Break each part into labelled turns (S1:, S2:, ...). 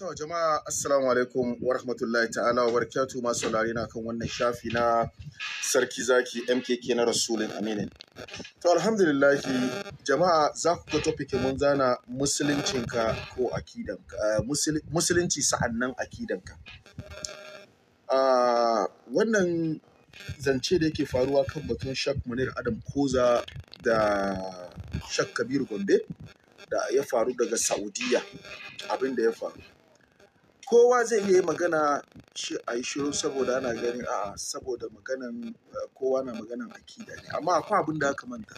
S1: To jama'a assalamu alaikum wa rahmatullahi ta'ala wa barakatu masu na kan wannan shafi na sarki zaki MKK na Rasulun Aminin. To alhamdulillahi jama'a za ku ga topic mun zana ka ko akidanka uh, musulunci sa'annan akidanka. Uh, wannan zance da yake faruwa kan batun Shak Munir Adam Koza da Shak Kabir Gombe da ya faru daga Saudiya abin da ya faru. kowa zai iya magana shi a yi shiru saboda ana ganin a'a saboda maganan eh, kowa na maganan akida ne amma akwai abin da aka manta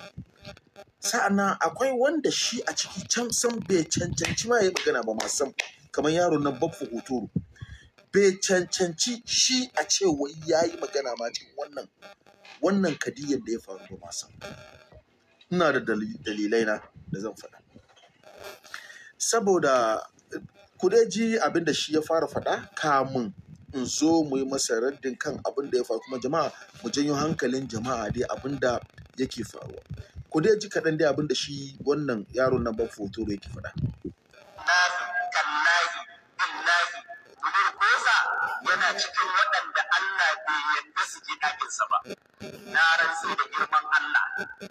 S1: sa'annan akwai wanda shi a ciki can san bai cancanci ma ya magana ba ma san kamar yaro na babu hotoro bai cancanci shi a ce wai ya yi magana ma cikin wannan wannan kadiyyar da ya faru ba ma san ina da dalilai na da zan faɗa saboda ku dai ji abin da shi ya fara faɗa kamun in zo mu yi masa raddin kan abin da ya faru kuma jama'a mu janyo hankalin jama'a dai abin da yake faruwa ku dai ji kaɗan dai abin da shi wannan yaro na ban foto yake faɗa.
S2: yana cikin waɗanda Allah bai yarda su je ɗakinsa ba. Na rantsu da girman Allah,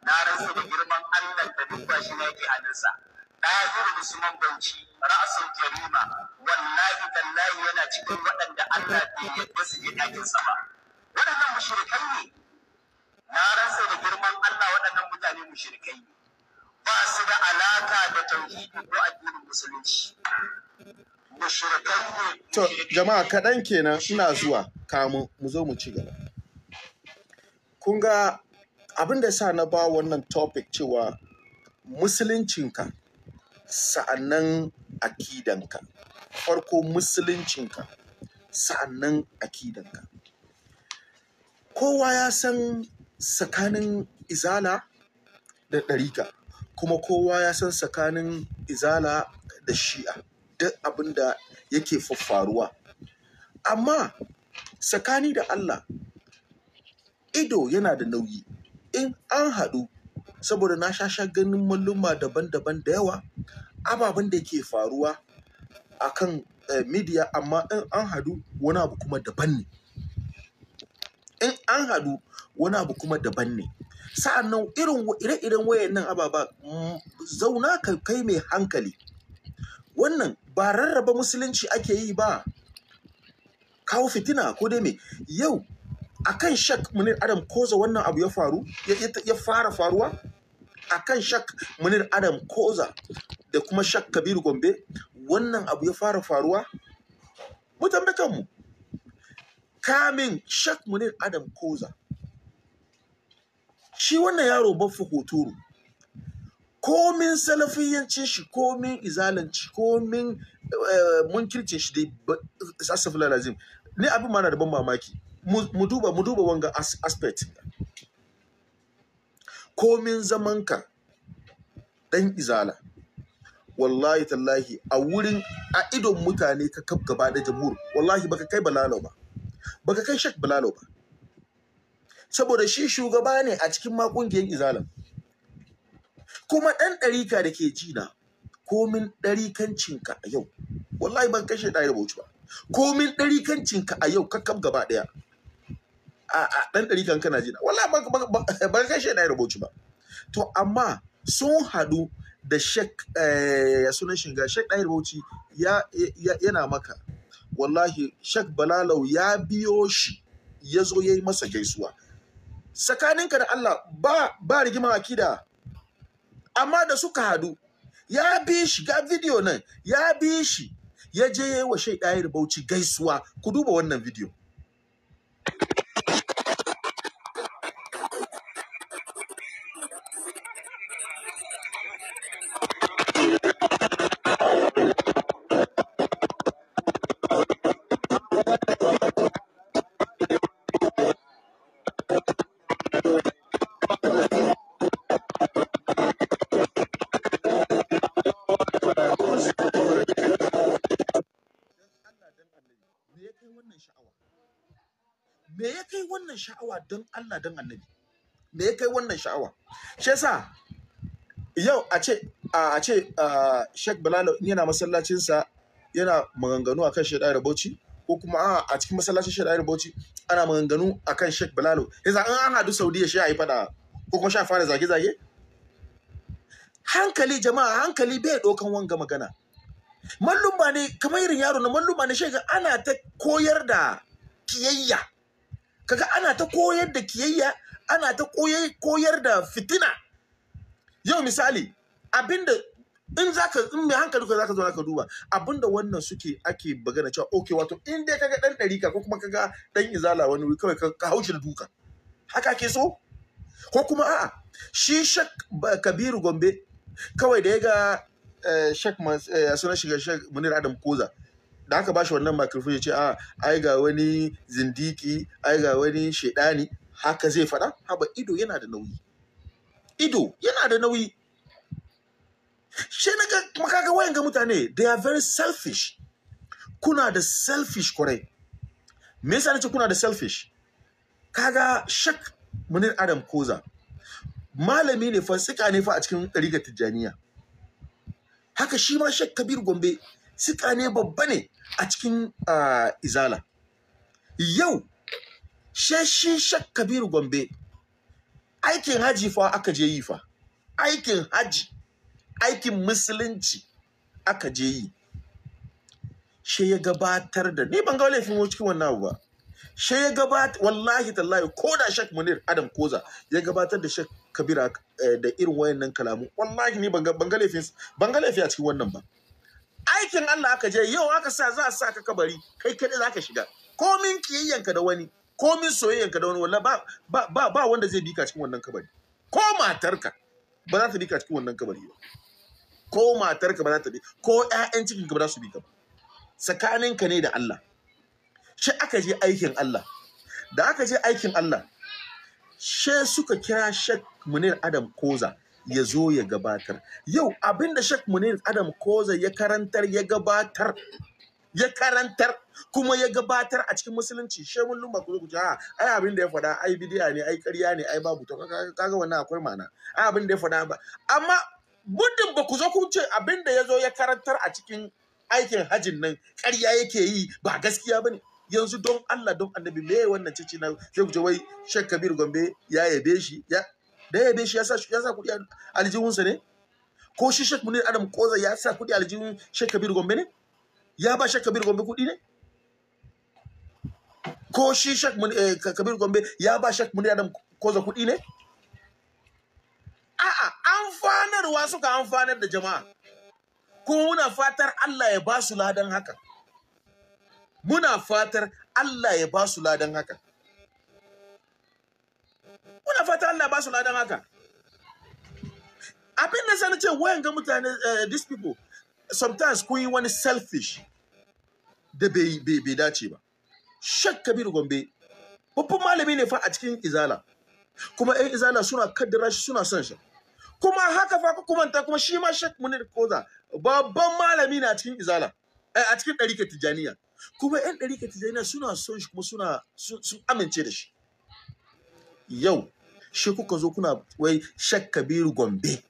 S2: na ransu da girman Allah da duk shi na yake hannunsa. ɗahiru usman bauchi ra'asul jarima wallahi tallahi yana cikin waɗanda allah bai yadda su je ɗakin sa ba waɗannan mushrikai ne na ransa da girman allah waɗannan mutane mushrikai ne ba su da alaka da tauhidi ko addinin musulunci
S1: To, jama'a kaɗan kenan ina zuwa kamu mu zo mu ci gaba. Kun ga abin da sa na ba wannan topic cewa musuluncinka sa'annan akidanka farko musuluncinka sa'annan akidanka kowa ya san tsakanin izala da ɗarika kuma kowa ya san tsakanin izala da shi'a duk abin da yake faffaruwa amma tsakani da allah ido yana da nauyi in an haɗu saboda na sha sha ganin malluma daban-daban da yawa ababen da ke faruwa a kan eh, midiya amma in an hadu wani abu kuma daban ne in an hadu wani abu kuma daban ne sa'annan irin ire-iren wayannan ababa mm, zauna ka kai mai hankali wannan ba rarraba musulunci ake yi ba kawo fitina ko dai me yau akan shak munir adam koza wannan abu ya faru ya fara faruwa akan shak munir adam koza da kuma shak kabiru gombe wannan abu ya fara faruwa mu tambaye kanmu kamin shak munir adam koza shi wannan yaro baffa hoturu komin salafiyancin shi komin izalanci komin eh, munkircin shi dai asafin lalazim ne abin mana da ban mamaki mu duba wanga aspect komin zamanka dan izala wallahi tallahi a wurin a idon mutane ka kaf gaba da jamhur wallahi baka kai balalo ba baka kai shak balalo ba saboda shi shugaba ne a cikin ma kungiyar izalan kuma dan ɗarika da ke jina komin ɗarikancinka a yau wallahi ban kashe ɗaya da bauchi ba komin ɗarikancinka a yau ka kaf gaba ɗaya a ɗan ɗari kan kana jina wala ba kai shi na rubuci ba to amma sun haɗu da shek eh, sunan shinga shek ɗaya rubuci yana maka wallahi shek balalau ya biyo shi ya zo ya yi masa gaisuwa tsakaninka da Allah ba ba rigima akida amma da suka haɗu. ya bi shi ga bidiyo nan ya bi shi ya je yi wa shai ɗaya gaisuwa ku duba wannan bidiyo. sha'awa don Allah don annabi me ya kai wannan sha'awa shi yasa yau a ce a ce Sheikh Bilal yana masallacinsa yana maganganu akan shaidai rabauci ko kuma a cikin masallacin shaidai rabauci ana maganganu akan Sheikh Bilal yasa an an hadu Saudiya shi yi fada ko kuma sha fara zage zage hankali jama'a hankali bai dokan wanga magana mallum ba ne kamar irin yaro na mallum ba ne shi ana ta koyar da kiyayya kaga ana ta koyar da kiyayya ana ta koyar da fitina yau misali abinda in zaka in mai hankali ka zaka zo zaka duba abinda wannan suke ake bagana cewa okay wato in dai kaga dan ɗarika ko kuma kaga dan izala wani wuri kawai ka haushi da duka haka ke so ko kuma a'a shi shak kabiru gombe kawai da ya ga eh, shak eh, sunan shiga shak munir adam koza da aka bashi wannan microphone ya ce a ah, ai ga wani zindiki ai ga wani shedani haka zai faɗa haba ido yana da nauyi ido yana da nauyi shi naga ga makaga wayan ga mutane they are very selfish kuna da selfish kwarai me yasa nace kuna da selfish kaga shak munir adam koza malami ne fasika ne fa a cikin ga tijjaniya haka shi ma shak kabir gombe siƙa ne babba ne a cikin izala yau sheshin shak kabiru gombe aikin haji fa aka je yi fa aikin haji aikin musulunci aka je yi she ya gabatar da ni ban ga laifin cikin wannan abu ba she ya gabatar wallahi tallahi ko da shak munir adam koza ya gabatar da shak kabira eh, da irin wayannan kalamu wallahi ni ban ga laifin ban ga laifi a cikin wannan ba aikin Allah aka je yau aka sa za a sa ka kabari kai kadai za ka shiga komin kiyayyanka da wani komin soyayyanka da wani walla ba ba ba wanda zai bika cikin wannan kabari ko matarka ba za ta bika cikin wannan kabari ba ko matarka ba za ta bi ko ƴaƴan cikinka ba za su bika ba tsakaninka ne da Allah shi aka je aikin Allah da aka je aikin Allah she suka kira Shek Munir Adam Koza ya zo ya gabatar yau abin da shek Munir Adam Koza ya karantar ya gabatar ya karantar kuma ya gabatar a cikin musulunci shemun lumba ku kuce ha ah, ai abin da ya faɗa ai bidiya ne ai ƙarya ne ai babu to kaga wannan akwai ma'ana ai abin da ya faɗa ba amma muddin ba ku zo kun ce abin da ya zo ya karantar a cikin aikin hajin nan ƙarya yake yi ba gaskiya bane yanzu don Allah don annabi me wannan cici na shehu wai Kabir Gombe ya yabe shi ya da yabe shi ya sa kuɗi sa ne ko shi shek Munir Adam Koza ya sa kuɗi aljihun shek Kabir Gombe ne ya ba shek Kabir Gombe kuɗi ne ko shi Sheikh eh, Kabir Gombe ya ba shek Munir Adam Koza kuɗi ne a'a amfanarwa suka amfanar da jama'a kuma muna fatar Allah ya ba su ladan haka muna fatar Allah ya ba su ladan haka muna fata Allah ba su ladan haka abin da sanace ce wayan ga mutane eh, these people sometimes kun yi wani selfish da bai dace ba shak kabir gombe babban malami ne fa a cikin izala kuma yan izala suna kaddara shi suna son shi kuma haka fa ku kumanta kuma shi ma shak munir koza babban malami ne a cikin izala eh, a cikin ɗarikar tijaniya kuma yan ɗarikar tijaniya suna son shi kuma suna sun amince da shi yau shi kuka zo kuna wai Shek kabiru gombe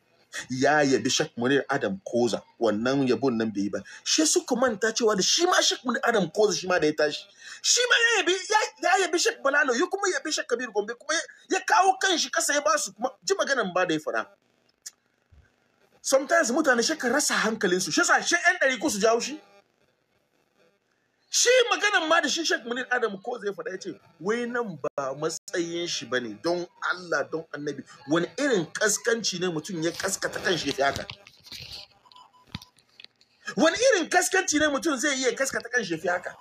S1: ya yabi Shek munir adam koza wannan yabon nan bai yi ba shi suka manta cewa da shi ma shak munir adam koza shi ma da ya tashi shi ma ya yabi ya yabi shak balalo ya kuma yabi Shek kabiru gombe kuma ya kawo kanshi kasa ya basu kuma ji maganan ba da ya fara sometimes mutane shakka rasa hankalinsu shi sa shi yan ɗari ku su jawo shi maganan ma da shi Sheikh Munir Adam ko zai faɗa yace wai nan ba matsayin shi bane don Allah don Annabi wani irin kaskanci ne mutum ya kaskata kan ya haka wani irin kaskanci ne mutum zai iya kaskata kan ya haka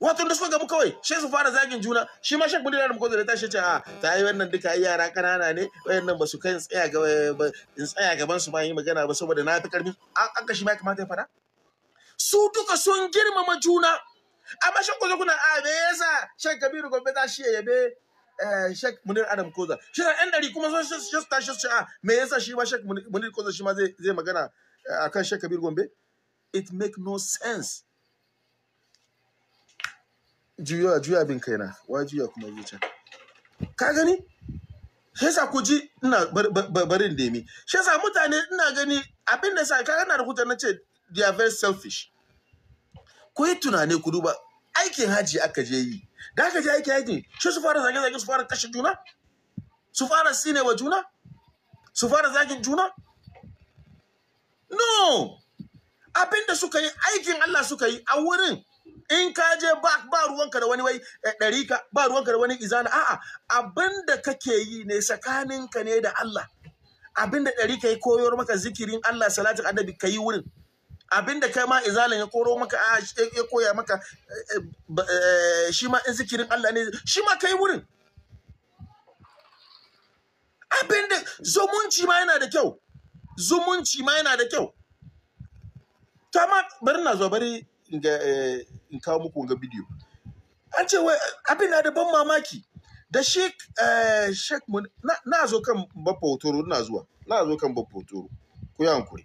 S1: wato da suka gabu kawai shi su fara zagin juna shi ma Sheikh Munir adam ko zai tashi ce a ta yi wannan duka yara kanana ne wayannan ba su kai in tsaya gaban su ba yi magana ba saboda na ta karbi an aka shi ma kamata ya fara su duka sun girmama juna amma shan kuzo kuna a ah, me yasa shan kabiru gobe za shi ya yabe eh, shek munir adam koza shi na yan ɗari kuma sun shi tashi su a ah, me yasa shi ma shek munir koza shi ma zai magana eh, akan shek kabiru gombe it make no sense juya juya bin kaina wa juya kuma zuciya ka gani shi yasa ku ji ina barin demi shi yasa mutane ina gani abin da sa gana na rahoton na ce they are very selfish ku yi tunani ku duba aikin haji aka je yi da aka je aikin aiki, shi su fara zage zage su fara kashe juna su fara sine wa juna su fara zagin juna no abinda suka yi aikin Allah suka yi a wurin in ka je ba ba ruwanka da wani wai eh, ka, ba ruwanka da wani izana a'a abinda kake yi ne tsakaninka ne da Allah abinda ka yi koyar maka zikirin Allah salatin annabi ka yi wurin Abin da kai ma izalin ya koro maka a ya koya maka eh, eh, shi ma in zikirin Allah ne shi ma kai wurin da zumunci ma yana da kyau zumunci ma yana da kyau ta ma bari na zo bari in eh, kawo muku ga bidiyo an ce wai abin na da ban mamaki da shi shek na zo kan bafa otoro na zuwa na zo kan bafa otoro ku yi hankuri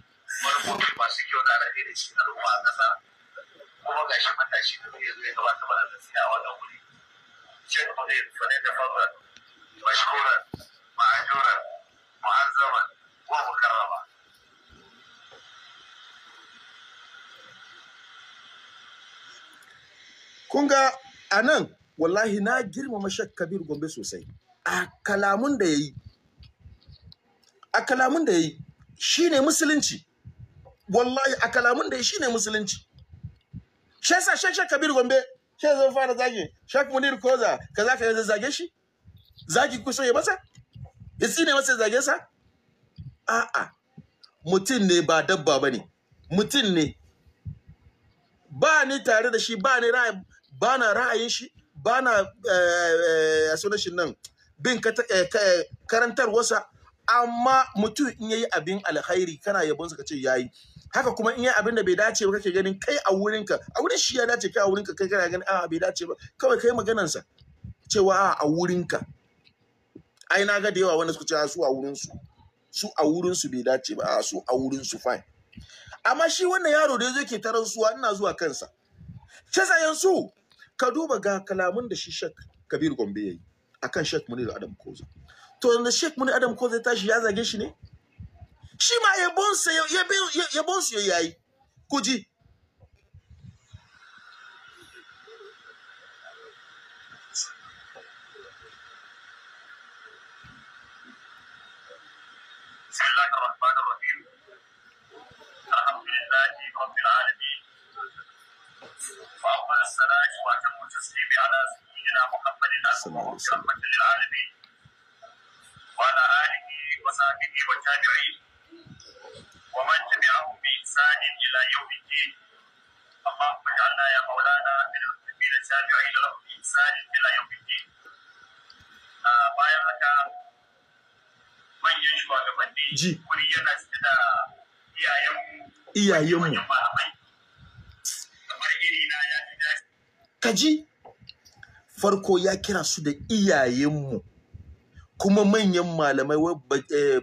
S2: manufofi masu kyau da rabe da shi al'umma a ƙasa kuma ga shi matashi da zai zo ya gabata mana da siya a wannan wuri shek mudir fanai da fara
S1: mashkuran ma'ajuran mu'azzaman ko mukarrama kun ga a nan wallahi na girmama shek kabir gombe sosai a kalamun da ya yi a kalamun da ya yi shi ne musulunci wallahi a kalamun da shi ne musulunci shi yasa shek kabir gombe shi zan fara zage shek munir koza kaza yi zage shi zagi kuso ya masa ya tsine masa zage sa a'a mutum ne ba dabba bane mutum ne ba ni tare da shi ba ni ra'ayi ba na ra'ayin shi ba na eh, eh, a sunan shi nan bin eh, karantar wasa amma mutum in yayi abin alkhairi kana yabon ka ce yayi haka kuma in yi abin da bai dace ba kake ganin kai a wurinka a wurin shi ya dace kai a wurinka kai kana ganin a bai dace ba kawai kai maganansa cewa a a wurinka ai na ga da yawa wanda suka ce su a wurin su Su a wurin su bai dace ba a su a wurin su, fine amma shi wannan yaro da yake tarar suwa ina zuwa kansa ce yanzu ka duba ga kalamun da shi shek kabir gombe yayi akan shek munir adam koza to da shek munir adam koza ya tashi ya zage shi ne Shima ye bonse yo ye ye bonse yo yai. Kuji.
S2: Bismillahirrahmanirrahim. Alhamdulillahi rabbil alamin. Wa salatu wa salamu ala sayyidina Muhammadin wa ala alihi wa sahbihi wa tabi'in. ومن تبعهم بإحسان إلى يوم الدين يا مولانا من المسلمين التابعين بإحسان إلى يوم الدين bayan haka manyan shugabanni kuri yana
S1: iyayenmu iyayenmu kaji farko ya kira su da iyayenmu kuma manyan malamai wai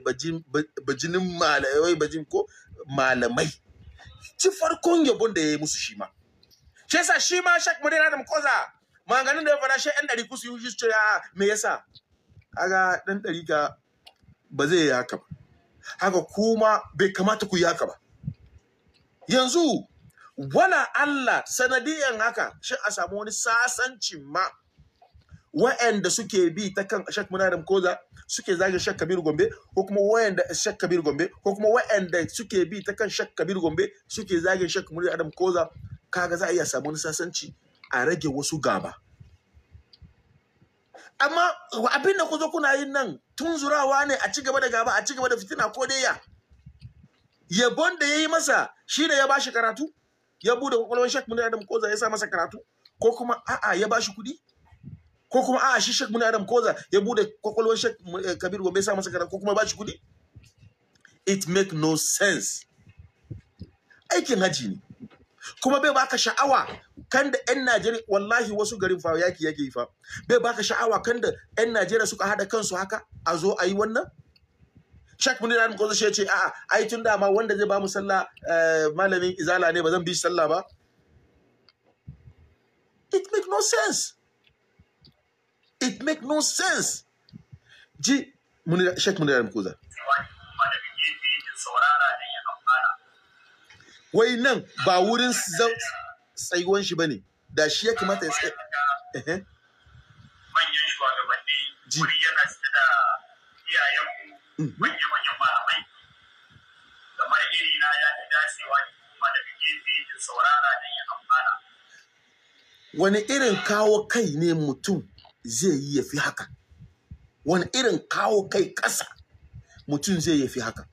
S1: bajinin eh, malamai bajin ko malamai ci farkon yabon da ya yi musu shi ma shi yasa shi ma shak madina da mukoza maganin da ya fara shi yan ɗari kusu yi shi ya me yasa kaga ɗan ɗari ka ba zai yi haka ba haka kuma bai kamata ku yi haka ba yanzu wala Allah sanadiyan haka shi a samu wani sasancin ma wa'anda suke bi ta kan muna Munadam Koza suke zagin Sheikh Kabir Gombe ko kuma wa'anda Sheikh Kabir Gombe ko kuma wa'anda suke bi ta kan Sheikh Kabir Gombe suke zagin Sheikh adam Koza kaga za a iya samu sasanci a rage wasu gaba amma abin da ku zo kuna yin nan tunzurawa ne a ci gaba da gaba a ci gaba da fitina ko dai ya yabon da ya yi masa shine ya ba shi karatu ya bude kwakwalwar shek mun adam koza ya sa masa karatu ko kuma a'a ya ba shi kuɗi ko kuma a shi Sheikh adam Koza ya bude kwakwalwar eh, Kabiru Kabir Gombe sa masa karatu ko kuma ba shi kudi it make no sense aikin haji ne kuma bai baka sha'awa kan da 'yan Najeriya wallahi wasu garin fa yaki yake yi fa bai baka sha'awa kan da 'yan Najeriya suka hada kansu haka a zo a yi wannan Shek Munir Adam shi ya ce a'a ai tun da ma wanda zai ba mu sallah eh, malamin izala ne ba zan bi shi sallah ba it make no sense It make no sense. Ji Sheikh Munira Mukuza. Wai nan ba wurin tsayuwan shi bane da shi ya kamata ya tsaye. Manyan shugabanni wuri
S2: yana da iyayenmu
S1: manyan malamai.
S2: Kamar iri na ya fi dacewa saurara don ya amfana.
S1: Wani irin kawo kai ne mutum zai yi ya fi haka wani irin kawo kai ƙasa mutum zai ya fi haka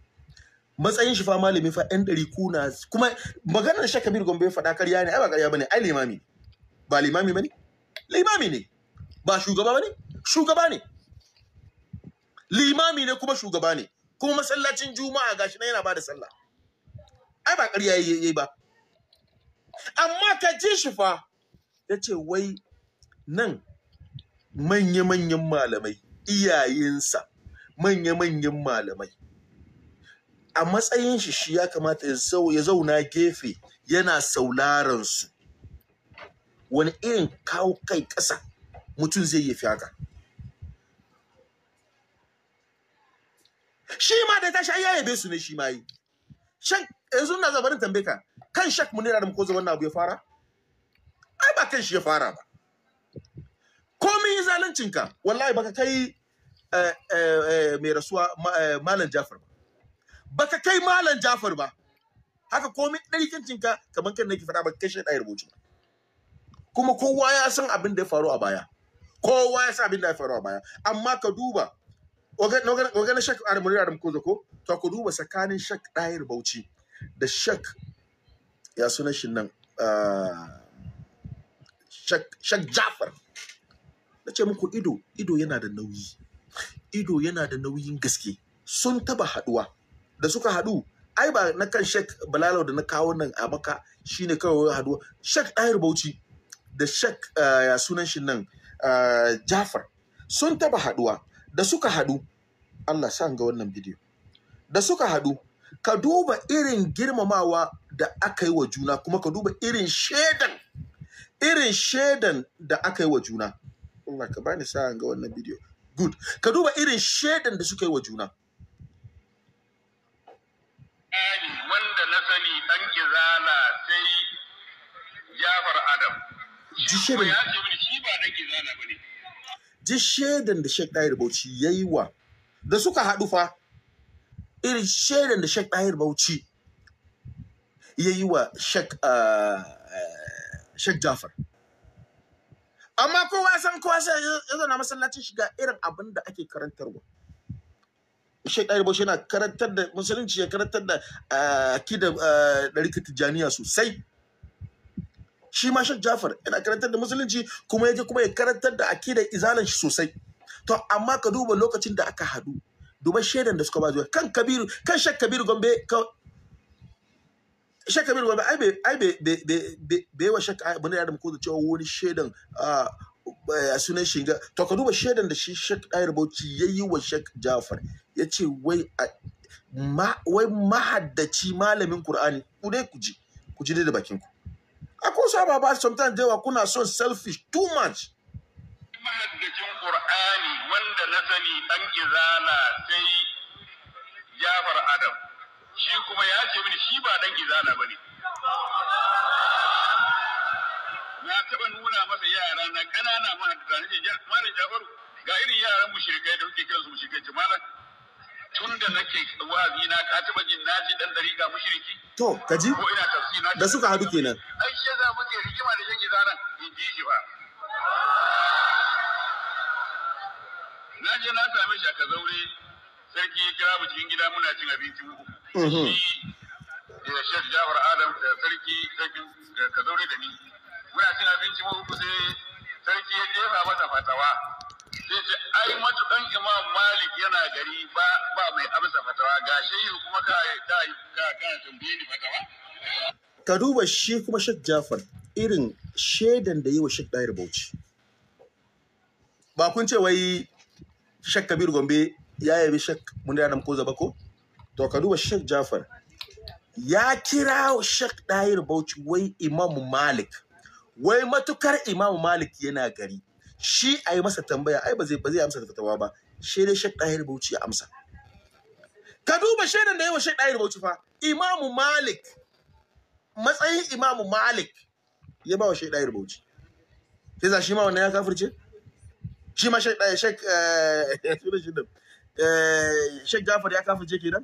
S1: matsayin shi fa malami fa ɗan ɗari kuna kuma maganar shaka bir gombe faɗa karya ne ai ba karya bane ai limami ba limami bane limami ne ba shugaba bane shugaba ne limami ne kuma shugaba ne kuma masallacin juma'a gashi na yana bada sallah ai ba ƙarya yayi ba amma ka ji shi fa yace wai nan manya-manyan malamai iyayensa manya-manyan malamai a matsayin shi shi ya kamata ya zauna gefe yana saularan su wani irin kawo kai ƙasa mutum zai yi haka shi ma da sha ya yabe su ne shi ma yi shan yanzu na zabarin tambaye ka kan shak munira da ko zaman abu ya fara ai ba kan shi ya fara ba komi zaluncinka wallahi baka kai eh, eh, eh, mai rasuwa malam jafar ba baka kai malam jafar ba haka komi ka kamar kan nake faɗa baka kai shi ɗaya rubutu kuma kowa ya san abin da ya faru a baya kowa ya san abin da ya faru a baya amma ka duba wagana shak armuri adam ko zako to ka duba tsakanin shak ɗayar bauchi da shak ya suna shi nan ah, shak jafar na ce muku ido ido yana da nauyi ido yana da nauyin gaske sun taba haduwa da suka hadu ai ba na kan shek balalau da na kawo nan a maka shine kawai haduwa shek dahir bauchi da shek eh, ya sunan shi nan eh, jafar sun taba haduwa da suka hadu Allah sa ga wannan bidiyo da suka hadu ka duba irin girmamawa da aka yi wa juna kuma ka duba irin shedan irin shedan da aka yi wa juna Allah ka bani sa'an ga wannan bidiyo good ka duba irin shaidan da suka yi wa juna
S2: wanda na sani dan kizala sai Jafar Adam
S1: ji shaidan ya ce mini shi ba dan kizala bane ji shaidan da Sheikh Dahir Bauchi yayi wa da suka haɗu fa irin shaidan da Sheikh Dahir Bauchi yayi wa Sheikh ah, eh, Sheikh Jafar amma kowa san kowa sai ya zana masallacin shiga irin abin da ake karantarwa Sheikh Ɗari Bauchi yana karantar da musulunci ya karantar da eh, akida eh, ɗarika tijaniya sosai shi ma shan Jafar yana karantar da musulunci kuma yake kuma ya karantar da akida izalan shi sosai to amma ka duba lokacin da aka hadu duba shaidan da suka ba zuwa kan Kabiru kan shak Kabiru Gombe shaka bai ruwa ai ai bai wa shaka ai bane da muku da cewa wani shedan a sunan shiga. to ka duba shedan da shi Shek ɗayar bauchi ya yi wa Shek jafar ya ce wai wai mahaddaci malamin Kur'ani ku dai ku ji ku ji da bakin ku akwai ba ba sometimes dai yawa kuna son selfish too much
S2: mahaddacin Kur'ani wanda na sani ɗan izala sai Jafar Adam shi kuma ya ce mini shi ba dan gizana ba ne na taɓa nuna masa yara na ƙanana da zane ce malam jafaru ga irin yaran mushrikai da kuke kiran su mushrikai malam tun da nake wazi na ka taɓa jin na ji dan
S1: dariƙa mushriki to ka ji da suka haɗu kenan
S2: ai shi za muke rigima da shan gizana in ji shi ba na je na same shi a kazaure sarki ya kira mu cikin gida muna cin abinci mu uku da mm-hmm. Sheikh Jafar Adam da eh, sarki sarki eh, ka zaure da ni muna cin abinci mu uku sai sarki ya jefa masa fatawa sai ce
S1: ai matukan
S2: Imam Malik yana gari ba ba mai amsa fatawa ga shehu kuma ka ka ka tambaye ni fatawa
S1: ka duba shi kuma Sheikh Jafar irin shaidan da yi wa Sheikh Dair Bauchi ba kun ce wai Sheikh Kabir Gombe ya yabi Sheikh Mundiya Namko Zaba ko? to ka duba Sheikh Jafar ya kira Sheikh Dahir Bauchi wai Imam Malik wai matukar Imam Malik yana gari shi a yi masa tambaya ai ba zai ba zai amsa da fatawa ba shi dai Sheikh Dahir Bauchi ya amsa ka duba shaidan da yawa Sheikh Dahir Bauchi fa Imam Malik matsayin Imam Malik ya ba wa Sheikh Dahir Bauchi sai za shi ma wannan ya kafirce shi ma Sheikh Sheikh eh, eh, Sheikh Jafar ya kafirce kenan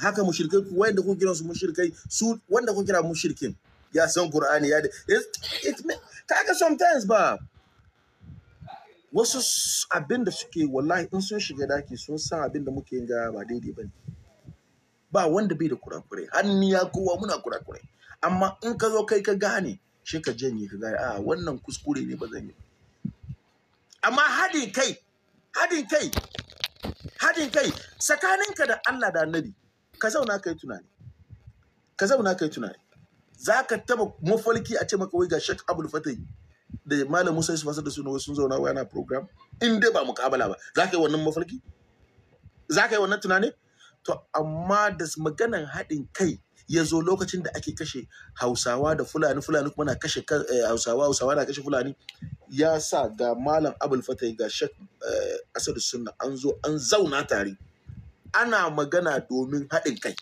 S1: haka mushrikai wanda kun kira su mushrikai su wanda kun kira mushirkin ya san Qur'ani ya it kaga sometimes ba wasu abin da suke wallahi in sun shiga daki sun san abin da muke ga ba daidai bane ba wanda bai da kurakurai har ni ya kowa muna kurakurai amma in ka zo kai ka gane shi ka janye ka gane a ah, wannan kuskure ne ba zan yi amma hadin kai hadin kai hadin kai tsakaninka da Allah da annabi ka zauna ka yi tunani ka zauna ka yi tunani za ka taba mafalki a ce maka wai ga shek abul fatai da malam musa yusuf da suna sun zauna wa yana program in dai ba mukabala ba za ka yi wannan mafalki za ka yi wannan tunani to amma da maganan haɗin kai ya zo lokacin da ake kashe hausawa da fulani fulani kuma na kashe eh, hausawa hausawa na kashe fulani ya sa ga malam abul fatai ga shek eh, asadu sunna an zo an zauna tare ana magana domin haɗin kai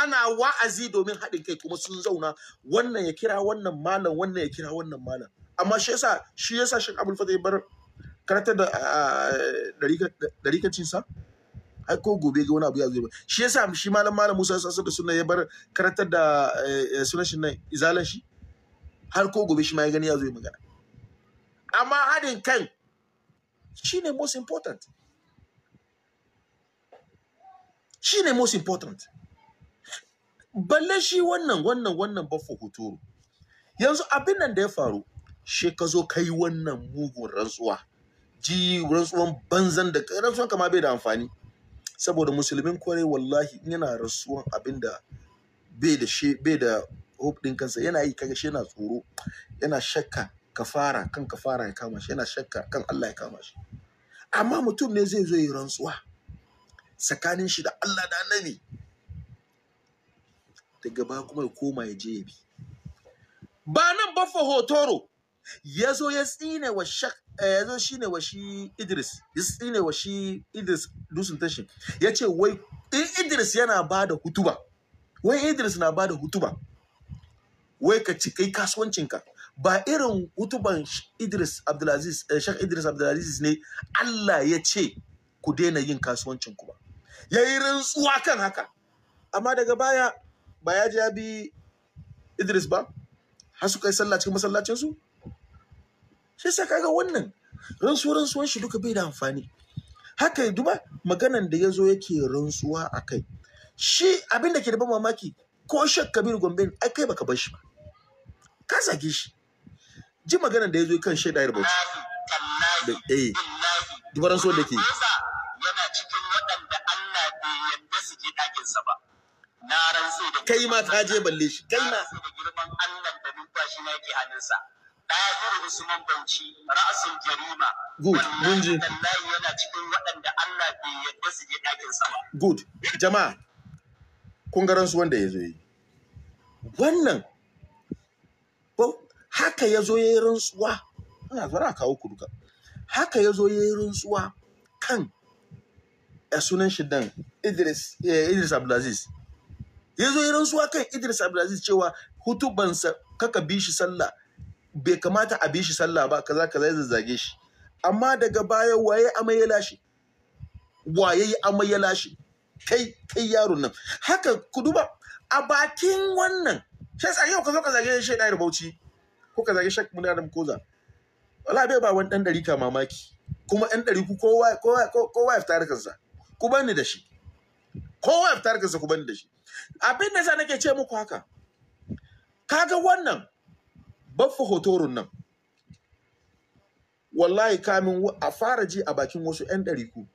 S1: ana wa'azi domin haɗin kai kuma sun zauna wannan ya kira wannan malam wannan ya kira wannan malam amma shi yasa shi yasa shi abul fata bar karatar da darikacinsa ai ko gobe ga wani abu ya zo ba shi yasa shi malam malam Musa Sassu da suna ya bar karatar da eh, eh, sunan shi nan izalan shi har ko gobe shi ma ya gani ya zo magana amma haɗin shi shine most important shi ne most important balle shi wannan wannan wannan baffo hotoro yanzu abin nan da ya faru she ka zo kai wannan mugun rantsuwa ji rantsuwan banzan da rantsuwan kama bai da amfani saboda musulmin kwarai wallahi yana rantsuwan abin da bai da she bai da hope din kansa yana yi kaga shi yana tsoro yana shakka kafara kan kafara ya kama shi yana shakka kan Allah ya kama shi amma mutum ne zai zo yi rantsuwa tsakanin shi da Allah da annabi daga ba kuma ya koma ya je ya bi ba nan ba fa hotoro ya zo ya tsine wa shak eh, ya zo shi ne wa shi Idris ya tsine wa shi Idris dusun tashi ya ce wai in Idris yana ba da hutuba wai Idris na ba da hutuba wai ka ci kai kasuwancinka ba irin hutuban Idris Abdulaziz eh, Sheikh Idris Abdulaziz ne Allah ya ce ku daina yin kasuwancin ku ba ya yi rantsuwa kan haka amma daga baya ba ya ji ya bi idris ba har su kai sallah cikin masallacin su sai sa kaga wannan rantsu rantsuwan shi duka bai da amfani haka duba maganan da ya zo yake rantsuwa a kai shi abin da ke da ban mamaki ko shak kabiru gombe ai kai baka bar shi ba ka zage shi ji maganan da ya zo kan shaidar bauchi eh, da eh dubaran so da ke kai ma ta je balle shi
S2: kai ma da girman Allah da numfashi na yake hannunsa ɗahiru Usman Bauchi ra'asul jarima good mun ji wallahi yana cikin waɗanda Allah bai yarda su je ɗakin sa ba
S1: good jama'a kun ga su wanda ya zo yi wannan haka ya zo ya yi rantsuwa ina zuwa kawo ku duka haka ya zo ya yi rantsuwa kan a eh, sunan shi dan Idris eh, Idris Abdulaziz ya zo ya rantsuwa kan Idris Abdulaziz cewa hutubansa kaka bi shi sallah bai kamata a bi shi sallah ba kaza kaza ya zazzage shi amma daga baya waye amai ya lashe waye amai ya lashe kai kai yaron nan haka ku duba a bakin wannan shi sai yau ka zo ka zage shi da Bauchi ko ka zage shak Munir Adam Koza wala bai ba wani dan dari ka mamaki kuma ɗan dari ku kowa kowa kowa ya fitar kansa ku bani da shi kowa ya fitar kansa ku bani da shi abin da za nake ce muku haka kaga wannan baffa hotorun nan wallahi kamin a fara ji a bakin wasu 'yan ɗariku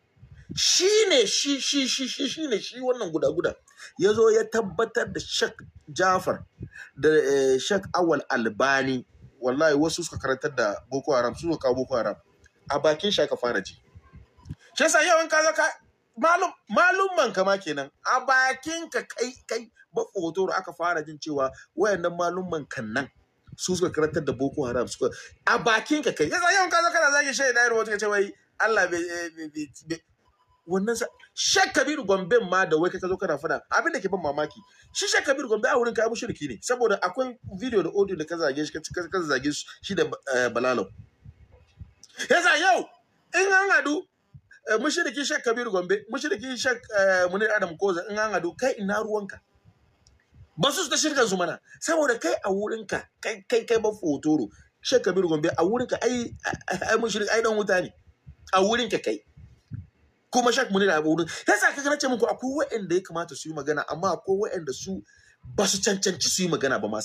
S1: shi shi shi shi shi shi ne shi wannan guda-guda ya zo ya tabbatar da shak jafar da eh, shak awal albani wallahi wasu suka karantar da boko haram su kawo boko haram a bakin shi aka fara ji shi yasa yawan ka malum malumman kama kenan a bakin ka kai kai ba hoto aka fara jin cewa wayannan malumman kan nan su suka karantar da Boko Haram suka a bakin ka kai yasa yawan ka zo kana zagi shehi da rubutu ce wai Allah eh, bai wannan sa Sheikh Kabiru Gombe ma da wai ka zo kana fada abin da ke ban mamaki shi Sheikh Kabiru Gombe a wurin ka shirki ne saboda akwai video da audio da ka zage shi ka zage shi da eh, Balalau yasa yau in an hadu Eh, mushiriki shek kabir gombe mushiriki shek eh, munir adam koza in an hadu kai ina ruwanka ba su ta shirka su mana saboda kai a wurinka kai kai kai ba fotoro shek kabir gombe a wurinka ai ai mushiriki ai dan wuta ne a wurinka kai kuma shek munir a wurin yasa kaga nace muku akwai waɗanda ya kamata su yi magana amma akwai waɗanda su ba su cancanci su yi magana ba ma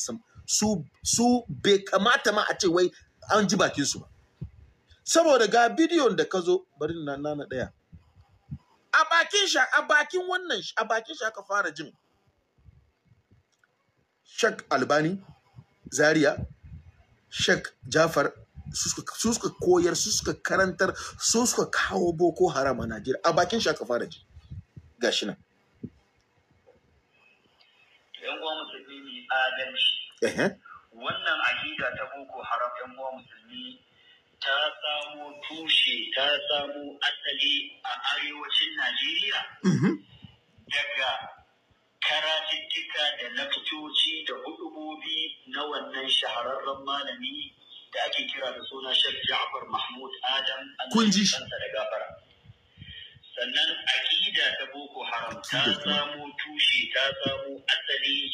S1: su su bai kamata ma a ce wai an ji bakin su ba saboda ga bidiyon da ka zo bari na nana ɗaya a bakin sha a bakin wannan a bakin sha ka fara jin shak albani zaria shak jafar su suka koyar su suka karantar su suka kawo boko haram a najeriya a bakin sha ka fara ji gashi nan yan uwa musulmi ne adalci wannan
S2: akida ta boko haram yan uwa musulmi ta samo tushe ta samo asali a arewacin Najeriya mm-hmm. daga karatuttuka da lakcoci da hudubobi na wannan shahararren malami da ake kira da suna Sheikh Ja'far Mahmud Adam an kansa da gafara. Sannan aƙida ta Boko Haram ta samo tushe ta samo asali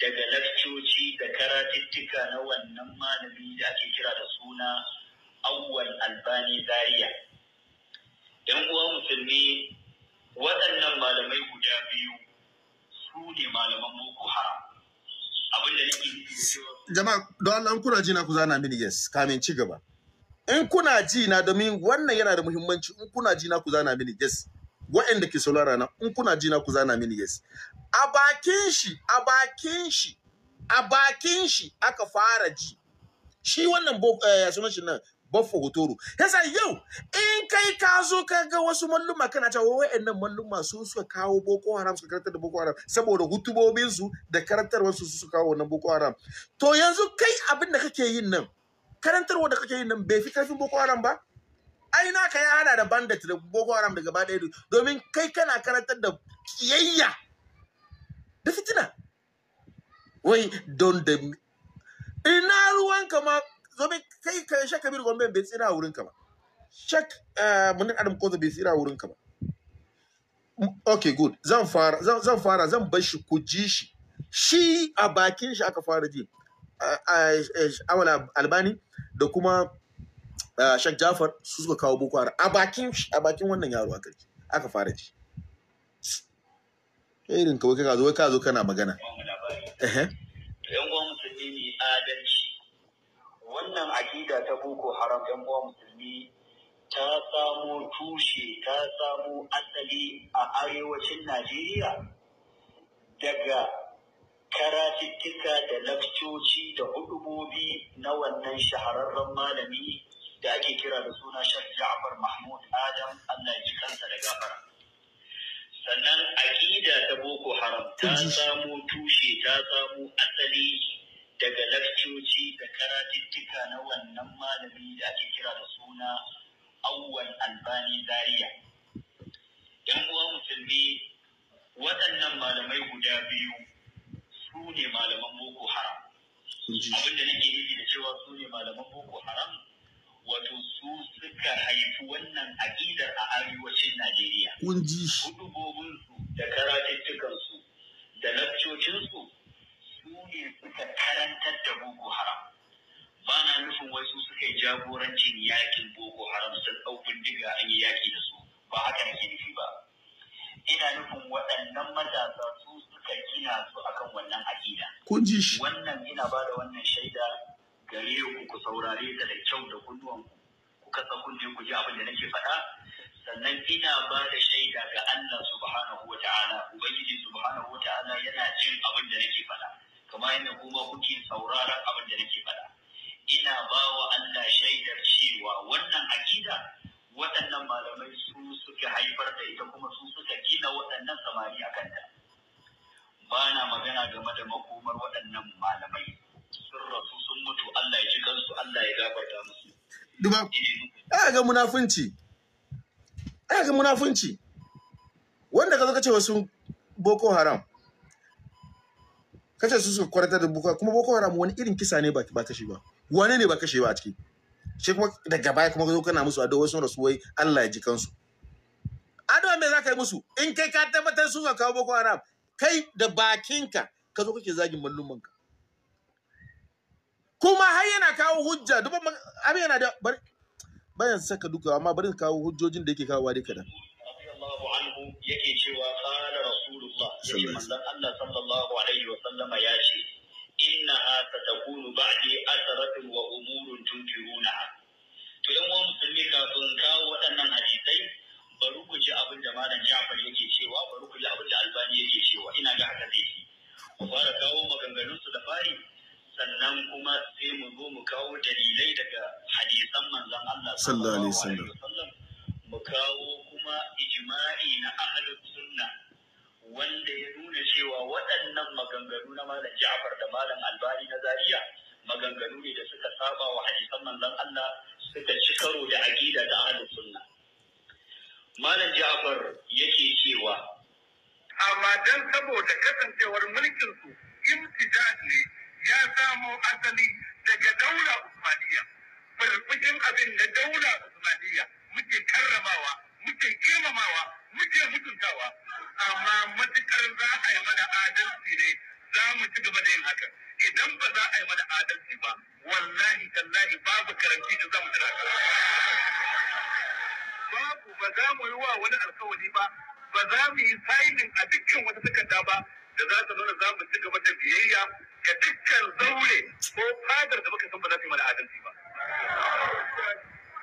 S2: daga lakcoci da karatuttuka na wannan malami da ake kira da suna awwal albani zaria ɗan uwa musulmi waɗannan malamai guda biyu su ne malaman boko haram
S1: abinda nake jama'a don Allah in kuna ji na ku zana mini yes kamin ci gaba in kuna ji na domin wannan yana da muhimmanci in kuna ji na ku zana mini yes wa'anda ke saurara na in kuna ji na ku zana mini yes a bakin shi a bakin shi a bakin shi aka fara ji shi wannan eh, ya sunan shi nan kofo hotoro yasa yau in kai ka zo ka ga wasu malluma kana cewa wayannan malluma su suka kawo boko haram suka karantar da boko haram saboda hutubobin su da karantarwar su su kawo wannan boko haram to yanzu kai abin da kake yin nan karantarwa da kake yin nan bai fi karfin boko haram ba ai naka ya hada da bandit da boko haram da gaba ɗaya domin kai kana karantar da kiyayya da fitina wai don da ina ruwanka ma zobe kai ka shek kabir gombe bai tsira wurin ka ba shak eh, mun adam koza bai tsira wurin ka ba okay good zan fara zan zan fara zan bar shi ku ji shi shi a bakin shi aka fara ji awala albani da kuma eh, shek jafar su suka kawo boko haram a bakin a bakin wannan yaro aka aka fara ji irin ka zo ka zo kana magana eh
S2: wannan akida ta boko haram yan uwa musulmi ta samo tushe ta samo asali a arewacin najeriya daga karatuttuka da lakcoci da hudubobi na wannan shahararren malami da ake kira da suna shan ja'far mahmud adam allah ya ji kansa da gafara sannan aƙida ta boko haram ta samu tushe ta samo asali daga lakcoci da karatuttuka na wannan malami da ake kira da suna awwal albani zaria yan uwa musulmi waɗannan malamai guda biyu su ne malaman boko haram abinda nake nufi da cewa su ne malaman boko haram wato su suka haifi wannan aƙidar a arewacin najeriya hudubobinsu da karatuttukansu da lakcocinsu iya suka karantar da boko haram ba na nufin wasu su suka yi jagorancin yakin boko haram sun ɗau bindiga an yi yaki da su ba haka nake nufi ba ina nufin waɗannan matasa su suka gina su akan wannan aƙida wannan ina ba da wannan shaida gare ku ku saurare ta da kyau da kunnuwan ku kasa kunne ku ji abin da nake faɗa sannan ina ba da shaida ga Allah subhanahu wa ta'ala ubangiji subhanahu wa ta'ala yana jin abin da nake faɗa kamar yadda kuma kuke sauraron abin da nake faɗa ina ba wa Allah shaidar cewa wannan aƙida waɗannan malamai su suka haifar da ita kuma su suka gina waɗannan samari a kanta ba na magana game da makomar waɗannan malamai sun rasu sun mutu Allah ya ci kansu Allah ya gabata musu
S1: duba ai ga munafunci ai ga munafunci wanda ka zaka ka ce wasu boko haram kace su suka kwarata da buka kuma boko haram wani irin kisa ne ba kashe ba wani ne ba kashe ba a ciki shi kuma daga baya kuma zo kana musu addu'o'i sun rasu wai Allah ya ji kansu addu'a me zaka yi musu in kai ka tabbatar su ga kawo boko haram kai da bakinka ka zo kake zagin mallumanka kuma har yana kawo hujja duk abin yana da bari bayan saka duka amma bari kawo hujjojin da yake kawo dai kadan anhu yake cewa qala rasulullah yace manzon Allah
S2: sallallahu alaihi wa ya ce innaha satakunu ba'di asaratun wa umurun to yan uwan musulmi kafin kawo waɗannan hadisai bari ku ji abin da malam Ja'far yake cewa bari ku ji abin da Albani yake cewa ina ga haka zai yi ku fara kawo maganganun su da fari sannan kuma sai mu zo mu kawo dalilai daga hadisan manzon Allah sallallahu alaihi cewa waɗannan maganganu na Malam Ja'far da Malam Albani na Zaria maganganu ne da suka saba wa hadisan manzon Allah suka ci karo da aqida da ahlus sunna. Malam Ja'far yake cewa amma dan saboda kasancewar mulkin su imtijad ne ya samo asali daga daula Usmaniya. Farfishin abin da daula Usmaniya muke karramawa, muke girmamawa, muke mutuntawa. amma matukar za a yi mana adalci ne za mu ci gaba da yin hakan idan ba za a yi mana adalci ba wallahi tallahi babu karanci da za mu jira babu ba za mu yi wa wani alkawari ba ba za mu yi sainin a dukkan wata takarda ba da za ta nuna za mu ci gaba da biyayya ga dukkan zaure ko fadar da muka san ba za ta yi mana adalci ba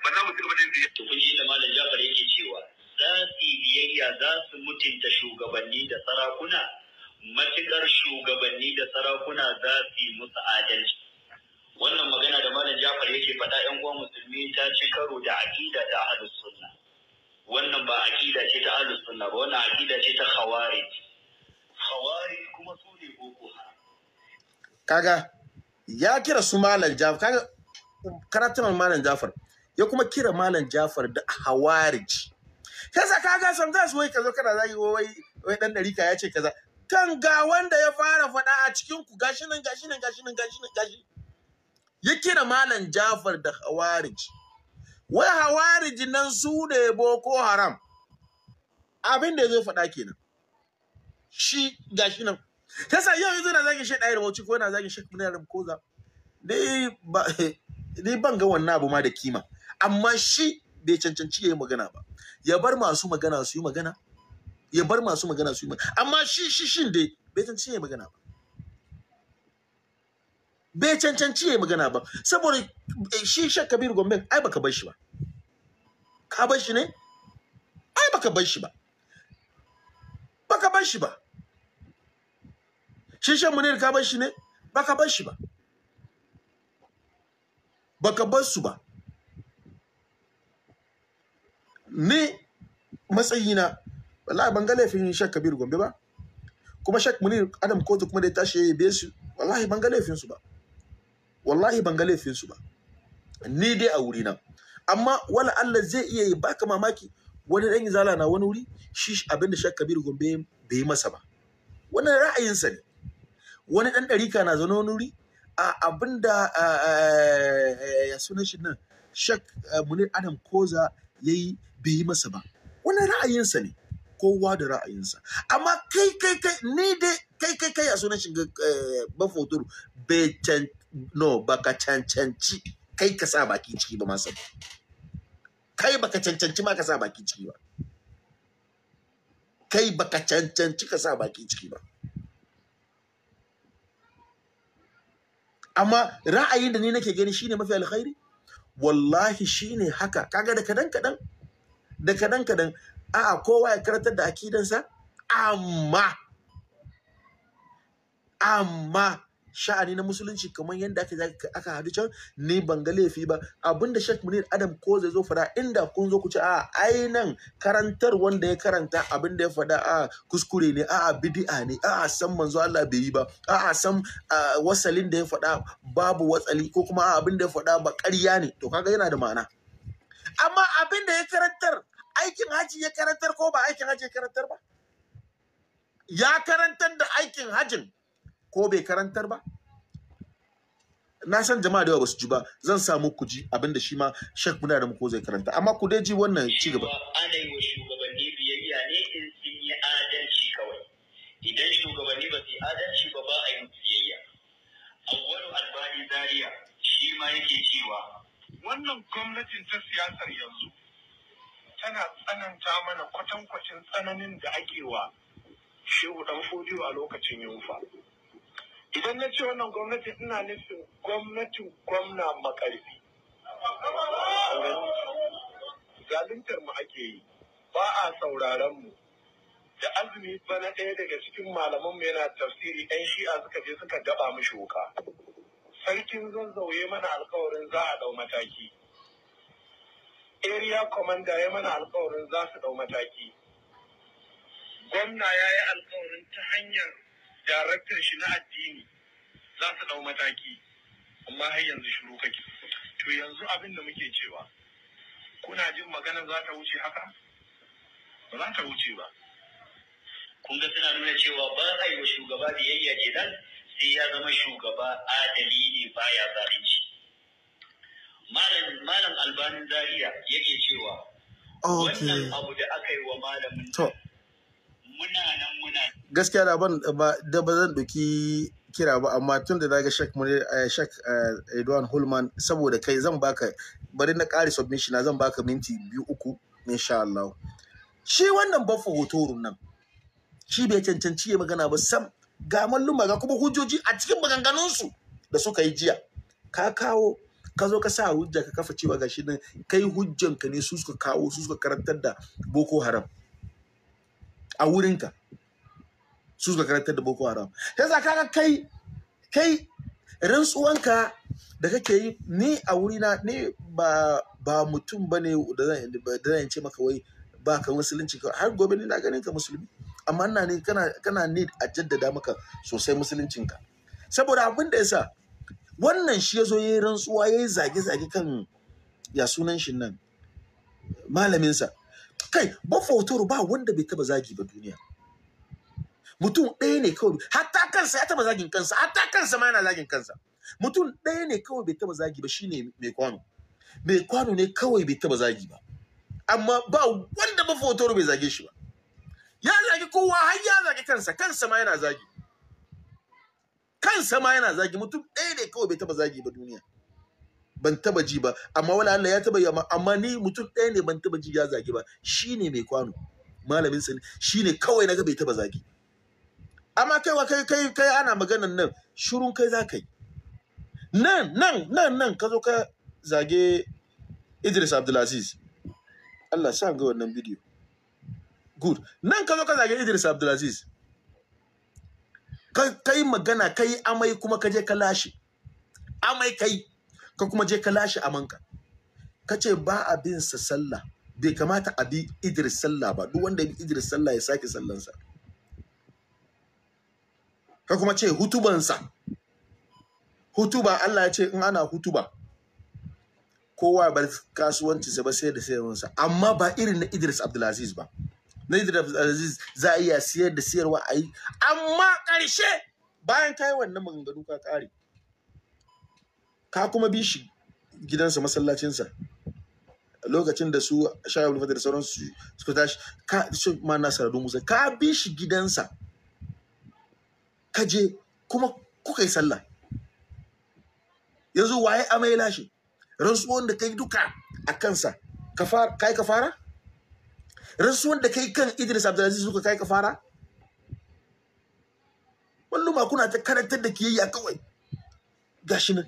S2: ba za mu ci gaba da biyayya to kun yi da malam Jafar yake cewa za su yi biyayya za su mutunta shugabanni da sarakuna matukar shugabanni da sarakuna za su yi musu adalci wannan magana da malam jafar yake faɗa yan uwan musulmi ta ci karo da aƙida ta ahlus sunna wannan ba aƙida ce ta ahlus sunna ba wannan aƙida ce ta khawarij khawarij kuma su ne boko
S1: kaga ya kira su malam jafar kaga karatun malam jafar ya kuma kira malam jafar da hawarij kasa kaga sometimes wai kazo kana zagi wai wai dan dalika ya ce kaza kan ga wanda ya fara faɗa a cikin ku gashi nan gashi nan gashi nan gashi nan gashi ya da malam Jafar da Khawarij wai Khawarij nan su ne Boko Haram abin da ya zo faɗa kenan shi gashi nan kasa yau yanzu na zagin shi ɗaya da bauchi ko na zagin shi kuma da ko za dai ban ga wannan abu ma da kima amma shi bai cancanci ya yi magana ba ya bar masu magana su yi magana ya bar masu magana su yi magana amma shi shi shin dai bai tantance ya magana ba bai cancanci ya magana ba saboda eh, shi shak kabir gombe ai baka bar shi ba ka bar shi ne ai baka bar shi ba baka bar shi ba shi shan munir ka bar shi ne baka bar shi ba baka bar su ba Ni matsayina wallahi ban ga laifin shak Kabir Gombe ba kuma shak Munir Adam Kotu kuma da ya tashi ya besu wallahi ban ga laifin su ba wallahi ban ga laifin su ba ni dai a wuri na amma wala Allah zai iya yi baka mamaki wani dan zala na wani wuri shi abin da shak Kabir Gombe bai yi masa ba wannan ra'ayinsa ne wani dan ɗarika na zaune wani wuri a abin da ya sunan shi nan shak eh, Munir Adam Koza yayi bai yi masa ba Wani ra'ayinsa ne kowa da ra'ayinsa amma kai kai kai ni dai kai kai kai a sunan shiga eh, ban fotoro bai can no baka cancanci kai ka sa baki ciki ba masa kai baka cancanci ma ka sa baki ciki ba kai baka cancanci ka sa baki ciki ba amma ra'ayin da ni nake gani shine mafi alkhairi wallahi shine haka kaga da kadan kadan da kadan kadan a kowa ya karantar da akidansa amma amma sha'ani na musulunci kamar yadda aka aka hadu can ni ban ga laifi ba abinda shek Munir Adam ko zai zo fada inda kun zo ku ci a ainan karantar wanda ya karanta abinda ya fada a kuskure ne a bidi'a ne a san manzo Allah bai yi ba a san wasalin da ya fada babu watsali ko kuma abinda ya fada ba ƙarya ne to kaga yana da ma'ana amma abinda ya karantar aikin hajji ya karantar ko ba aikin hajji ya karantar ba ya karantar da aikin hajjin ko bai karantar ba na san jama'a da yawa basu ji ba zan samu ku ji abinda shi ma shek muna da ko zai karanta amma ku dai ji wannan ci gaba ana
S2: yi wa shugabanni biyayya ne in sun yi adalci kawai idan shugabanni ba su yi adalci ba ba a yi musu biyayya awwalu albani zaria shi ma yake
S1: cewa wannan gwamnatin ta siyasar yanzu tana tsananta mana kwatankwacin tsananin da ake wa shehu dan fodiyo a lokacin yunfa idan na ce wannan gwamnati ina nufin gwamnatin gwamna makarfi zaluntar mu ake yi ba a sauraron mu da azumi bana ɗaya daga cikin malaman mu yana tafsiri ɗan shi'a suka je suka gaba mu wuka sarkin zazzauye mana alkawarin za a ɗau mataki area commander ya mana alkawarin za su dau mataki gwamna ya yi alkawarin ta hanyar daraktar shi na addini za su dau mataki amma har yanzu shiru kake to yanzu abin da muke cewa kuna jin magana za ta wuce haka ba za ta wuce ba kun ga suna nuna cewa ba a yi wa shugaba
S2: biyayya kenan sai ya zama shugaba adali ne baya zalunci
S1: malam albanin zaria yake cewa wannan abu
S2: da aka yi wa malamin
S1: muna nan muna gaskiya da ban da ba zan doki kira ba amma tun da zaga shak shak Edwan saboda kai zan baka bari na ƙari submission zan baka minti biyu uku insha Allah shi wannan baffa hoto nan shi bai cancanci ya magana ba sam ga mallum ga kuma hujjoji a cikin maganganunsu da suka yi jiya ka kawo ka zo ka sa hujja ka kafa cewa gashi nan kai hujjan ka ne su suka kawo su suka karantar da boko haram a wurinka su suka karantar da boko haram yasa kaga kai kai rantsuwanka da kake yi ni a wurina ni ba ba mutum bane da zan ce maka wai ba ka musulunci har gobe ni na ganin ka musulmi amma ina ne kana kana need a jaddada maka sosai musuluncinka saboda abin da yasa wannan shi ya zo ya yi rantsuwa ya yi zage-zage kan ya sunan shi nan malaminsa kai ba fautoro ba wanda bai taba zagi ba duniya mutum ɗaya ne kawai hatta kansa ya taba zagin kansa hatta kansa ma yana zagin kansa mutum ɗaya ne kawai bai taba zagi ba shine mai kwano mai kwano ne kawai bai taba zagi ba amma ba wanda ba fautoro bai zage shi ba ya zagi kowa har ya zagi kansa kansa ma yana zagi kansa ma yana zagi mutum ɗaya ne kawai bai taba zagi ba duniya ban taba ji ba amma wala Allah ya taba yi amma ni mutum ɗaya ne ban taba ji ya zagi ba shine mai kwano malamin sa shine kawai naga bai taba zagi amma wa kai kai kai ana maganan nan shirun kai za ka yi nan nan nan nan ka zo ka zage Idris Abdulaziz Allah sa ga wannan bidiyo good nan ka zo ka zage Idris Abdulaziz kai magana kai amai kuma ka je ka lashe amai kai ka kuma je ka lashe amanka ka ce ba a bin sa sallah bai kamata a bi Idris sallah ba duk wanda bi Idris sallah ya sake sallansa ka kuma ce hutubansa hutuba Allah ya ce in ana hutuba kowa bar kasuwanci sa ba sai da sayawansa amma ba irin na Idris Abdulaziz ba na Aziz za a iya siyar da siyarwa a yi amma ƙarshe bayan ka yi wannan maganganu ka ƙare ka kuma bi shi gidansa masallacinsa lokacin da su shayar da da sauransu suka tashi ka su ma na saradu musa ka bi shi gidansa ka je kuma kuka yi sallah yanzu waye amai lashe rantsuwan da yi duka a kansa ka yi kafara rasuwan da kai kan Idris Abdulaziz suka kai ka fara walluma kuna ta karantar da kiyayya kawai gashi nan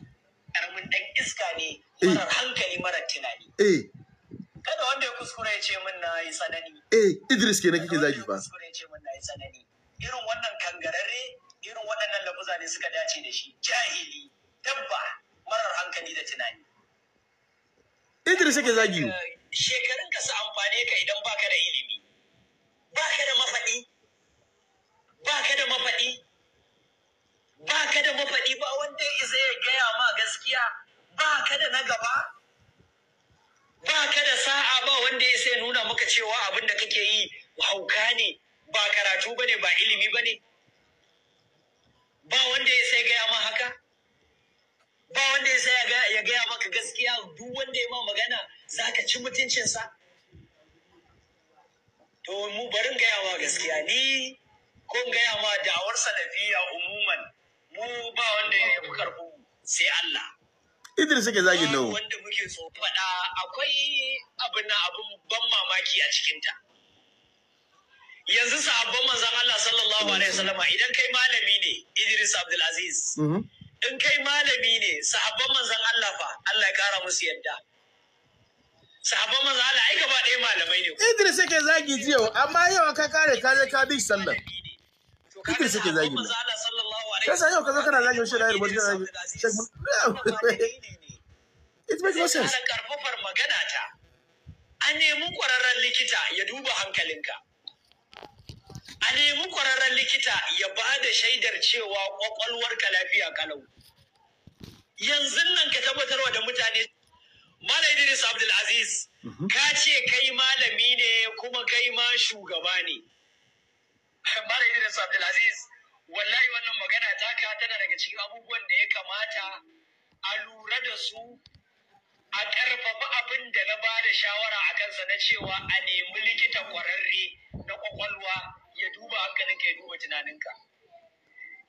S1: karamin dan iska ne eh. marar
S2: hankali marar tunani eh kada wanda ya kuskure ya ce min na yi tsanani
S1: eh Idris kenan kike zagi ba kuskure
S2: ya ce min na yi tsanani irin wannan kangararre irin waɗannan lafuza ne suka dace da shi jahili dabba marar hankali da tunani
S1: Idris yake zagi
S2: shekarun ka su amfane ka idan baka da ilimi baka da mafaɗi baka da mafaɗi baka da mafaɗi ba wanda isa ya gaya ma gaskiya baka da na gaba baka da sa'a ba wanda isa ya nuna maka cewa abin da kake yi hauka ne ba karatu ba ne, ba ilimi ba ne? ba wanda isa ya gaya ma haka ba wanda ya ya gaya maka gaskiya duk wanda ya ma magana za ka ci mutuncinsa to mu barin gaya ma gaskiya ni ko gaya ma da'awar salafiya umuman mu ba wanda ya fi karbu sai Allah
S1: Idris suke zagin nawo. Wanda
S2: muke so faɗa akwai abin abin ban mamaki a cikinta. Yanzu sahabban manzon Allah sallallahu alaihi wasallama idan kai malami ne Idris Abdulaziz. Mhm. In kai malami ne sahabban manzon Allah fa Allah ya kara musu yadda. Sabon manzo ai gaba ɗaya malamai ne
S1: Idris yake zagi jiya amma yau kare kaje ka Idris yake zagi yau ka zo kana zagi shi
S2: magana a nemi kwararren likita ya duba a nemi kwararren ya ba da shaidar cewa kwakwalwarka lafiya kalau yanzu nan ka tabbatarwa da mutane Malam Idris Abdul mhm. ka ce kai malami ne kuma kai ma shugaba ne. Malam Idris Abdul wallahi wannan magana ta ka tana daga cikin abubuwan da ya kamata a lura da su a ƙarfafa abin da na ba da shawara a kansa na cewa a nemi likita ƙwararre na ƙwaƙwalwa ya duba hankalinka ya duba tunaninka.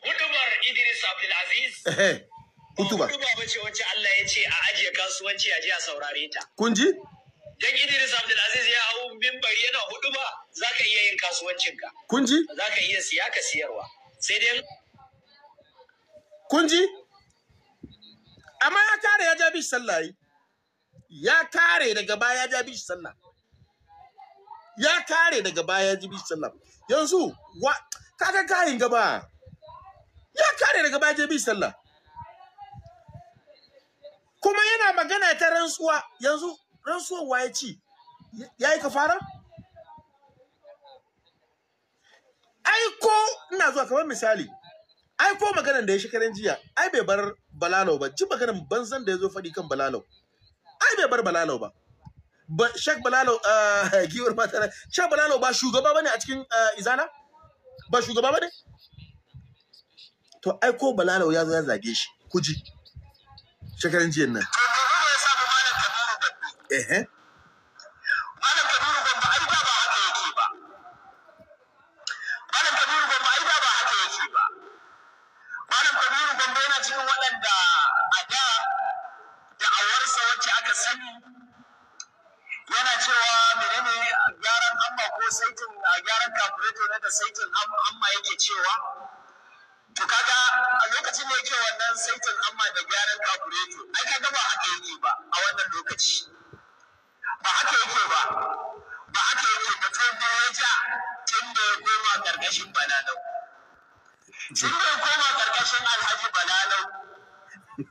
S2: Hudumar Idris Abdulaziz kutuba ba ce wacce Allah ya ce a ajiye kasuwanci a ji saurare ta kun ji dan Idris Abdulaziz ya hau mimbar yana hudu ba za ka iya yin kasuwancinka kun ji ka iya siya ka siyarwa sai dai
S1: kun ji amma ya kare ya ja bishi sallah ya kare daga baya ya ja bishi sallah ya kare daga baya ya ji bishi sallah yanzu wa ga kayin gaba ya kare daga baya ya ji bishi sallah kuma yana magana ta rantsuwa yanzu rantsuwar waye ci yayi kafara aiko ina zuwa kamar misali aiko maganar da ya karen jiya ai bai bar balalau ba ji maganar banzan da ya zo faɗi kan balalau ai bai bar balalau ba Shek Balalo eh, giwar mata shak Balalo ba shugaba bane a cikin eh, izana? Ba shugaba bane? To ai ko Balalo ya zo ya zage shi, kuji. shekaran jiyan nan. To eh, gobe bai samu malam Kabiru Gombe.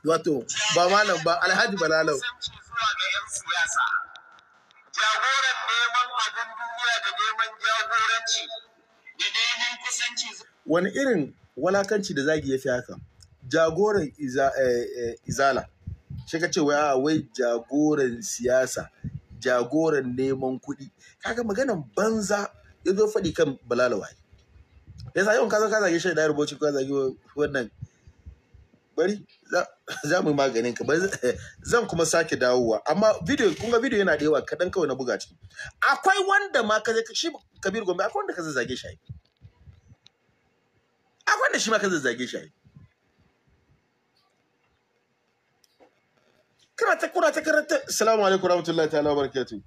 S1: wato ba malam ba alhaji balalau
S2: jagoran neman abin duniya da neman jagoranci da neman kusanci
S1: wani irin walakanci da zagi ya fi haka jagoran eh, eh, izala shi ka ce ah, wai jagoran siyasa jagoran neman kuɗi kaga maganan banza ya zo faɗi kan balalawai ya sa yawan kaza kaza shaidar da rubuci kaza wannan bari za mu maganin ka zan kuma sake dawowa amma video kun ga video yana da yawa kadan kawai na buga ciki akwai wanda ma ka shi Kabir Gombe akwai wanda ka zage shi akwai wanda shi ma ka zage shi kana ta kura ta karanta assalamu alaikum warahmatullahi ta'ala wabarakatuh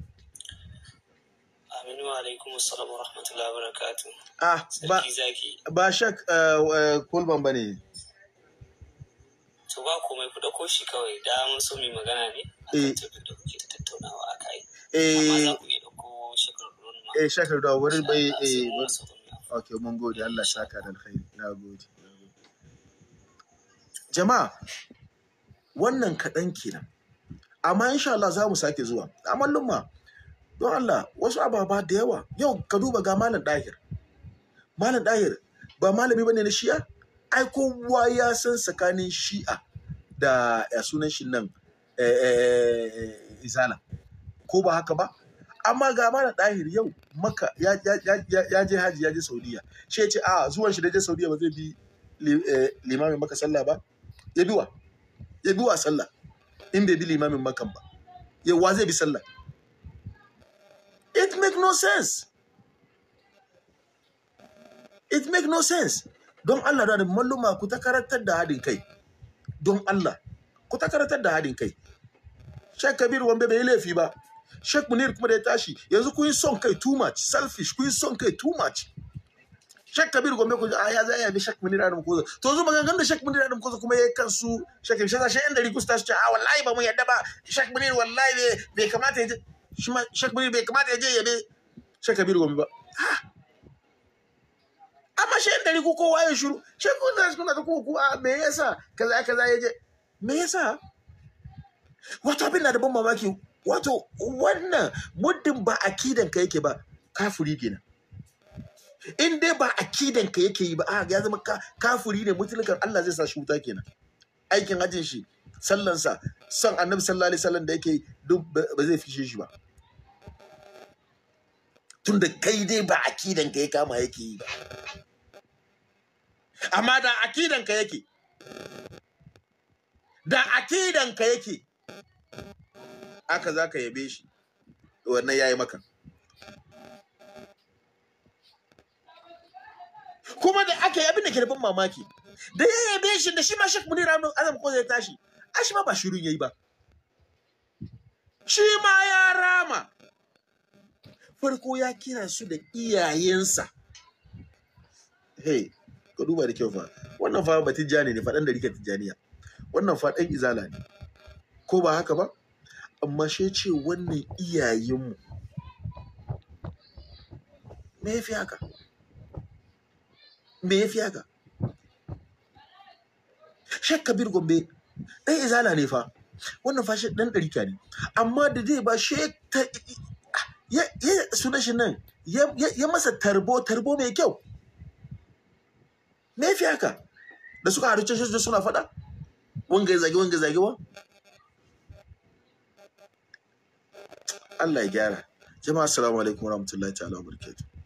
S2: aminu alaikum rahmatullahi wa wabarakatuh
S1: ah ba ba shak eh, eh, kulban ne.
S2: so ba komai ku dauko shi kawai da mun so mai magana ne
S1: akan eh. topic da kuke tattaunawa a kai amma eh. za ku iya dauko shakar eh shakar da wurin bai eh okay mun gode Allah saka da alkhairi na gode jama'a wannan kaɗan kenan amma insha Allah za mu sake zuwa amma lumma don Allah wasu ababa da yawa yau ka duba ga malam dahir malam dahir ba malami bane na shi'a ai kowa ya san tsakanin shi'a da sunan shi nan eh, eh, eh, izana ko ba haka ba amma ga mana ɗahir yau maka ya je haji ya je saudiya shi ya ce a zuwan shi da je saudiya ba zai bi limamin maka sallah ba ya biwa ya biwa sallah in bai bi limamin makan ba ya wa zai bi sallah it make no sense it make no sense don Allah da malluma ku ta karantar da haɗin kai don Allah ku ta karatar da hadin kai Sheikh Kabir wanda bai laifi ba Sheikh Munir kuma da ya tashi yanzu kun yi son kai too much selfish kun yi son kai too much Sheikh Kabir Gombe ku ah, a ya zai yabi Sheikh Munir Adam Koza to yanzu maganganun da Sheikh Munir Adam Koza kuma yayi kansu Sheikh shek Sheikh yan dari ku su ce a ah, wallahi ba mu yadda ba Sheikh Munir wallahi bai kamata ya je Sheikh Munir bai kamata ya je yabe Sheikh Kabir Gombe ba ah amma shi yan dari ku kowa ya shi kun da suna ta ku a ah, me yasa kaza kaza ya je me yasa wato abin na da ban mamaki wato wannan muddin ba akidan ka yake ba kafuri kenan in dai ba akidan ka yake yi ba a ah, ya zama kafuri ne mutulukan Allah zai sa shi wuta kenan aikin hajin shi sallansa son annabi sallallahu alaihi wasallam da yake duk ba zai fishe shi ba tunda kai dai ba akidan ka ya kama yake yi ba amma da akidanka yake da akidanka yake aka za ka yabe shi wannan ya yi maka kuma da aka yi abin da ke mamaki da ya yabe shi da shi ma shek munir ranar azam ko zai tashi a shi ma ba shirin ya yi ba shi ma ya rama farko ya kira su da iyayensa hey ka duba da kyau fa wannan fa ba tijjani ne faɗan da rike tijjaniya wannan fa ɗan izala ne ko ba haka ba amma shi ce wannan iyayenmu me ya fi haka me ya fi haka shek kabir gombe ɗan izala ne fa wannan fa shi ɗan ɗari ne amma da zai ba shi ta ya sunan shi nan ya masa tarbo tarbo mai kyau me yafi haka da suka haruce shi da suna faɗa wanga zage wanga zage wa Allah ya gyara jama'a assalamu alaikum warahmatullahi ta'ala
S2: wabarakatuh